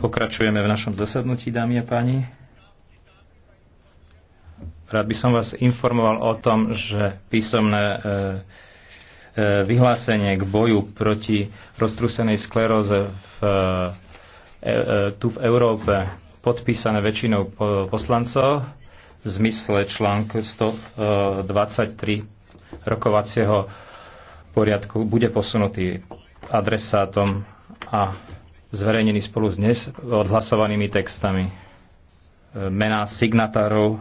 Pokračujeme v našom zasadnutí, dámy a páni. Rád by som vás informoval o tom, že písomné e, e, vyhlásenie k boju proti roztrusenej skleróze v, e, tu v Európe podpísané väčšinou poslancov v zmysle článku 123 rokovacieho poriadku bude posunutý adresátom a zverejnený spolu s dnes odhlasovanými textami. E, mená signatárov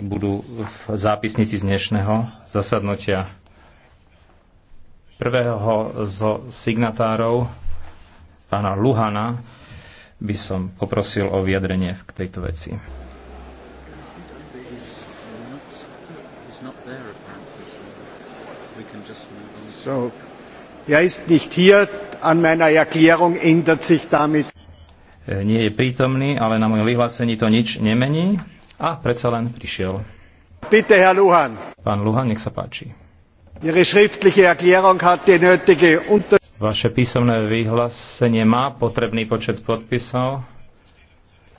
budú v zápisnici z dnešného zasadnutia. Prvého zo signatárov, pána Luhana, by som poprosil o vyjadrenie k tejto veci. not there apparently. So. Er ist nicht hier. An meiner Erklärung ändert sich damit. E, nie je prítomný, ale na mojom vyhlásení to nič nemení. A predsa len prišiel. Bitte, Herr Luhan. Pán Luhan, nech sa páči. Ihre schriftliche Erklärung hat die nötige Unter Vaše písomné vyhlásenie má potrebný počet podpisov.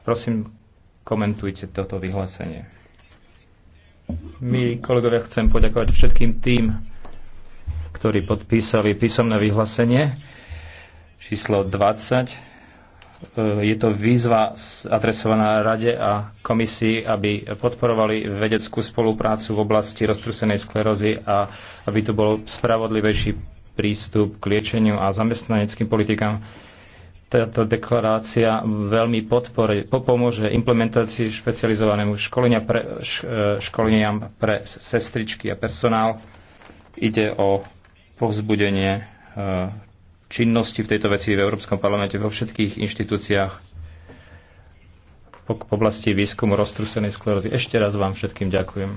Prosím, komentujte toto vyhlásenie. My, kolegovia, chcem poďakovať všetkým tým, ktorí podpísali písomné vyhlásenie číslo 20 e, je to výzva adresovaná Rade a komisii, aby podporovali vedeckú spoluprácu v oblasti roztrusenej sklerózy a aby tu bol spravodlivejší prístup k liečeniu a zamestnaneckým politikám. Táto deklarácia veľmi podpore, pomôže implementácii špecializovanému školenia pre, e, školeniam pre sestričky a personál. Ide o povzbudenie e, činnosti v tejto veci v Európskom parlamente vo všetkých inštitúciách v oblasti výskumu roztrusenej sklerózy. Ešte raz vám všetkým ďakujem.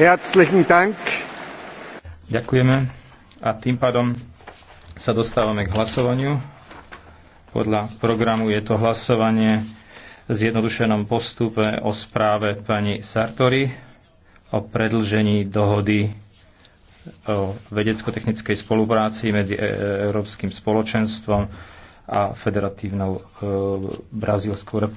Herzlichen Dank. Ďakujeme. A tým pádom sa dostávame k hlasovaniu. Podľa programu je to hlasovanie v zjednodušenom postupe o správe pani Sartori o predlžení dohody o vedecko-technickej spolupráci medzi e- Európskym spoločenstvom a Federatívnou e, Brazílskou republikou.